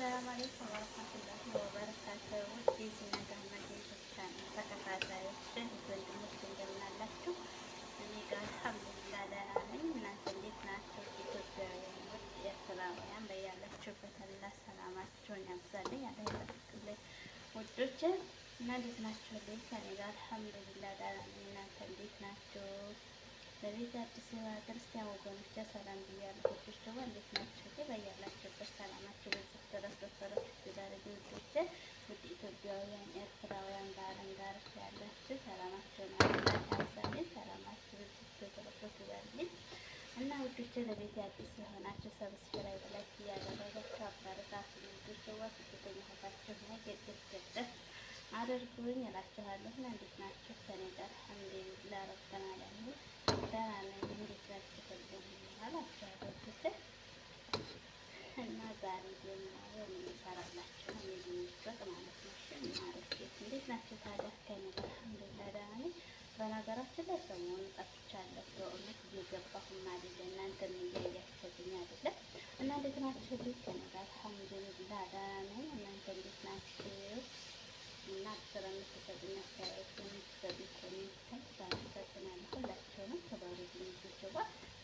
አሰላሙ አለይኩም ወረህመቱላሂ ወበረካቱህ። የዚህና ገነት የኢትዮጵያን ተከታታዮች ወንድሞች እንደምን አላችሁ? እኔ ጋር አልሐምዱሊላህ ደህና ነኝ። እናንተ እንዴት ናቸው? ኢትዮጵያውያኖች፣ ኤርትራውያን በያላችሁበት አላህ ሰላማችሁን ያብዛልኝ። አላይበትላይ ውዶች እና እንዴት ናቸው? ከእኔ ጋር አልሐምዱሊላህ ደህና ነኝ። እናንተ እንዴት ናቸው? ለቤት አዲስ ክርስቲያን ወገኖች ሰላም ብያለሁ። ውዶች ደግሞ እንዴት ናቸው? በያላችሁበት ናችሁ። ለቤት አዲስ የሆናችሁ ሰብስክራይብ ላይክ እያደረጋችሁ አበረታቱኝ። ድርዋ ስደተኛ እህታችሁ ና ገደፍ አድርጉኝ እላችኋለሁ። እንዴት ናችሁ? ከኔ ጋር እንዴ ረብተና ያሉ ደህና ነኝ። እንዴት ናችሁ? ከልኝ አላችኋለሁ ብትል እና ዛሬ ጀምሮ የምንሰራላችሁ የሚወጥ ማለት ነው። ሽማሮች እንዴት ናችሁ? ታዲያ ከኔ ጋር እንዴ ደህና ነኝ። በነገራችን ላይ ሰሞኑን ጠፍቻለሁ። በእውነት እየገባሁም አይደለ እናንተም እያያችሁኝ አይደለ እና እንዴት ናችሁ? ልጅ ነገር አልሐምዱሊላ ደህና ነኝ። እናንተ እንዴት ናችሁ? እና ስራ የምትሰጡኝ አስተያየት የምትሰጡ ኮሜንትን ባመሰግናለሁ። ሁላቸውንም ክበሩ ልጆች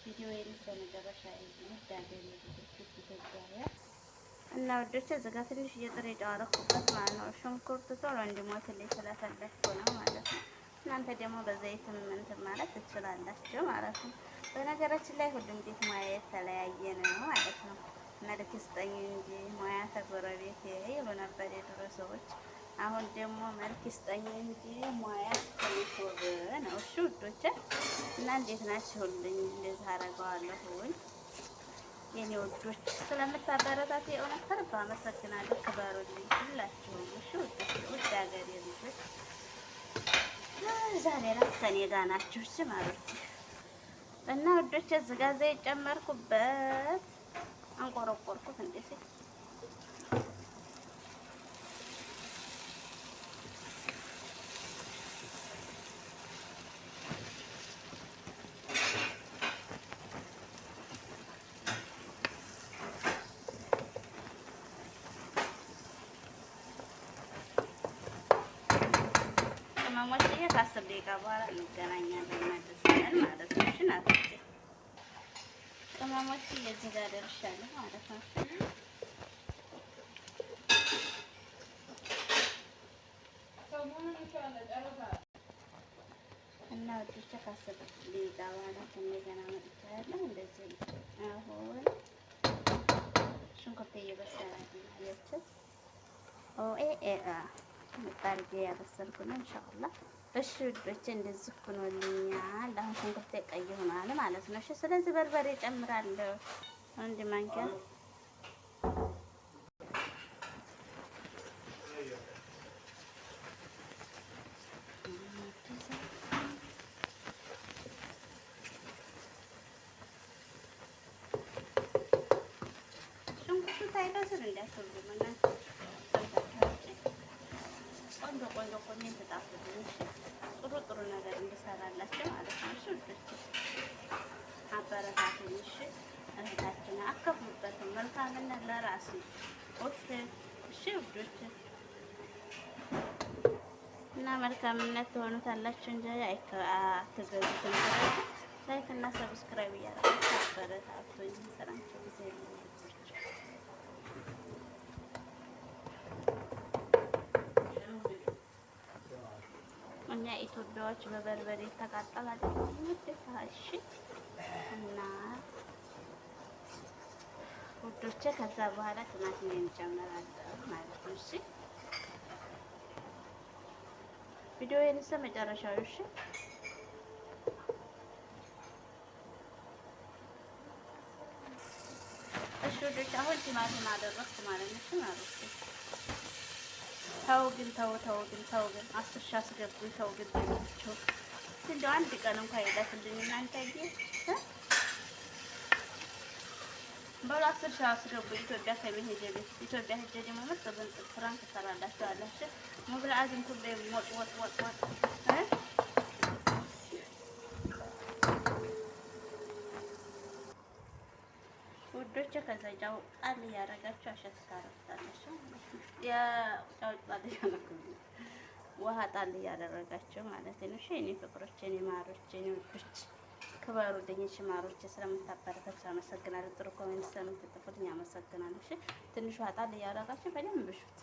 ቪዲዮ የምሰ መጨረሻ ነት ዳገኝ ልጆች ኢትዮጵያውያን እና ወዶች እዚጋ ትንሽ እየጥሬ ጨዋረኩበት ማለት ነው። ሽንኩርት ቶሎ እንዲሞትልኝ ስለፈለግኩ ነው ማለት ነው። እናንተ ደግሞ በዘይትም እንትን ማለት ትችላላችሁ ማለት ነው። በነገራችን ላይ ሁሉም ቤት ሙያ የተለያየ ነው ማለት ነው። መልክ ስጠኝ እንጂ ሙያ ተጎረቤት ይሉ ነበር የድሮ ሰዎች። አሁን ደግሞ መልክ ስጠኝ እንጂ ሙያ ተሚቶብ ነው። እሺ ውዶች እና እንዴት ሁሉኝ እንደዚህ አረገዋለሁኝ የኔ ውዶች ስለምታበረታት የእውነት ከልብ አመሰግናለሁ። ክበሩልኝ ሁላችሁም። እሺ ውዶች፣ ውድ ሀገሬ ልጆች ዛሬ እራት ከእኔ ጋር ናችሁ እሺ ማለት እና ወዶች እዚህ ጋር ዘይት ጨመርኩበት አንቆረቆርኩት እንደዚህ ከአስር ደቂቃ በኋላ እንገናኛለን መድረሳለን ማለት ነው። እሺ ናት ቅመሞች እየዚህ ጋር ደርሻለሁ ማለት ነው። እና ወጥቼ ከአስር ደቂቃ በኋላ እንደገና መጥቻለሁ። እንደዚህ አሁን ሽንኩርት እየበሰለ ነው። ኦኤኤ ኤ ኤ አ ምጣድ ያበሰልኩ ነው ኢንሻአላህ እሺ ውዶቼ እንደዚህ ሆኖልኛል። አሁን ሽንኩርት ቀይ ሆኗል ማለት ነው። እሺ ስለዚህ በርበሬ እጨምራለሁ አንድ ማንኪያ ሽንኩርቱ ታይታስር ምናቸው ቆንጆ ቆንጆ ኮሜንት ጻፉልኝ። ጥሩ ጥሩ ነገር እንድሰራላችሁ ማለት ነው። እሺ ውዶች እሺ እህታችን አከብሩበት። መልካምነት ለራስ ኦኬ። እሺ ውዶች እና መልካምነት ትሆኑታላችሁ እንጂ አትገዙትም። ላይክ እና ሰብስክራይብ እያደረጋችሁ አበረታቱኝ። ሰላም እኛ ኢትዮጵያዎች በበርበሬ ተቃጠል አደሽ እና ውዶቼ፣ ከዛ በኋላ ትናንትና እንጨምራለን ማለት ነው። እሺ ቪዲዮ የነሳ መጨረሻው እሺ እሺ። ውዶች አሁን ቲማቲም አደረግኩት ማለት ነው። እሺ ማለት ነው ተው ግን ተው ተው ግን ተው ግን አስር ሺህ አስገቡኝ ተው ግን ብያቸው እንደው አንድ ቀን እንኳን ይለፍልኝ እናንተ ጊዜ በሉ አስር ሺህ አስገቡኝ ኢትዮጵያ ከመሄጄ ቤት ኢትዮጵያ ሄጄ ደግሞ መሰለኝ ፍራንክ ትሰራላችሁ አላችሁ ሙብላ አዝም ኩቤ ሞጥ ወጥ ወጥ እ አዘጋጅቼ ከዛ ጫው ጣል እያደረጋችሁ አሸት ታረፍታላችሁ። የጫው ጣል እያደረጋችሁ ውሃ ጣል እያደረጋችሁ ማለት ነው። እሺ እኔ ፍቅሮች፣ እኔ ማሮች፣ እኔ ውዶች ክበሩልኝ። እሺ ማሮች፣ ስለምታበረታችሁ አመሰግናለሁ። ጥሩ ኮሜንት ስለምትጥፉልኝ አመሰግናለሁ። እሺ ትንሽ ውሃ ጣል እያደረጋችሁ በደንብ ብሹት።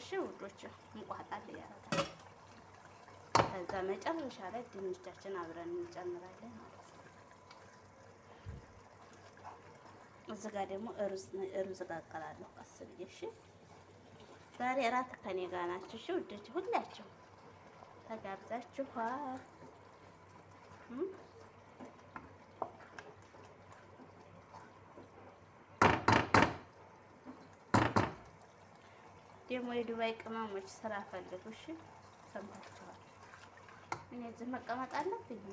እሺ ውዶች ሙቋ ጣል እያደረጋችሁ ከዛ መጨረሻ ላይ ድንቻችን አብረን እንጨምራለን ማለት ነው። እዚህ ጋር ደግሞ ሩዝ እቀቅላለሁ ቀስ ብዬ። እሺ ዛሬ እራት ከኔ ጋር ናችሁ። እሺ ውዶች ሁላችሁ ተጋብዛችኋ ደግሞ የዱባይ ቅመሞች ስራ ፈልጉ። እሺ ሰምታችኋል። እኔ እዚህ መቀመጥ አለብኝ።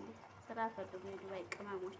ስራ ፈልጉ የዱባይ ቅመሞች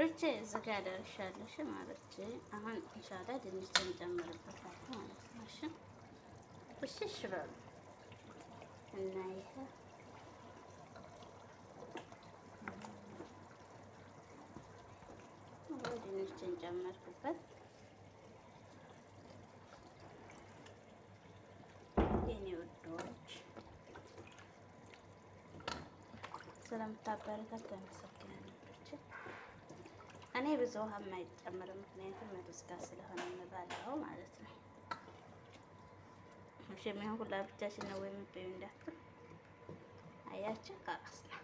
ውዶች እዚህ ጋር ደርሻለሽ ማለት አሁን ኢንሻአላ ድንች እንጨምርበታለን ማለት ነው። እሺ እሺ በሉ እና ይሄ ድንች እንጨምርበት የኔ ውዶች ስለምታበረታት እኔ ብዙ ውሃ የማይጨምር ምክንያቱም ሩዝ ጋር ስለሆነ የምበላው ማለት ነው። እሺ የሚሆን ሁላ ብቻችን ነው የምትበዩ እንዳትል አያችሁ። ካቃስ ነው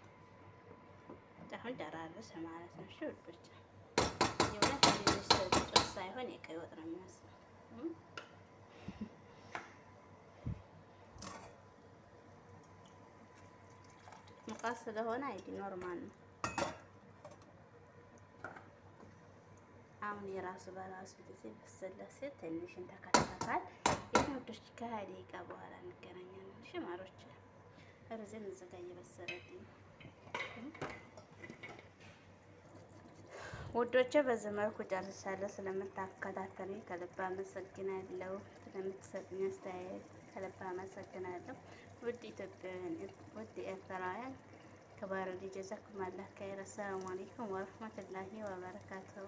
አሁን ጨራርስ ማለት ነው። እሺ ውዶች፣ ሳይሆን የቀይ ወጥ ነው የሚመስለው። ስለሆነ አይዲ ኖርማል ነው። የራሱ በራሱ ጊዜ በስለ ሲል ትንሽ እንተከተካል። የታወዶች ከደቂቃ በኋላ እንገናኛለን። ሽማሮች ሩዝን እዚህ ጋር እየበሰለልኝ በዚህ መልኩ ጨርሻለሁ። ስለምታከታተሉኝ ከልብ አመሰግናለሁ። ስለምትሰጡኝ አስተያየት ከልብ አመሰግናለሁ። ውድ ኢትዮጵያውያን፣ ውድ ኤርትራውያን ክበሩልኝ። ጀዛኩም አላህ ከይር። አሰላሙ አለይኩም ወረህመቱላሂ ወበረካቱሁ።